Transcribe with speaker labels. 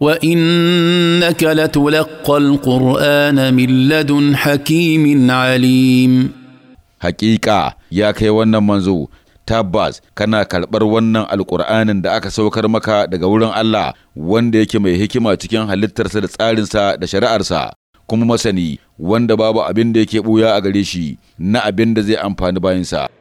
Speaker 1: وانك لتلقى القران من لدن حكيم
Speaker 2: عليم حقيقه يا كي wannan manzo tabbas kana karɓar wannan alƙur'anin da aka saukar maka daga wurin Allah wanda yake mai hikima cikin halittarsa da tsarinsa da shari'arsa kuma masani wanda babu abin da yake buya a gare shi na abin da zai amfani bayansa.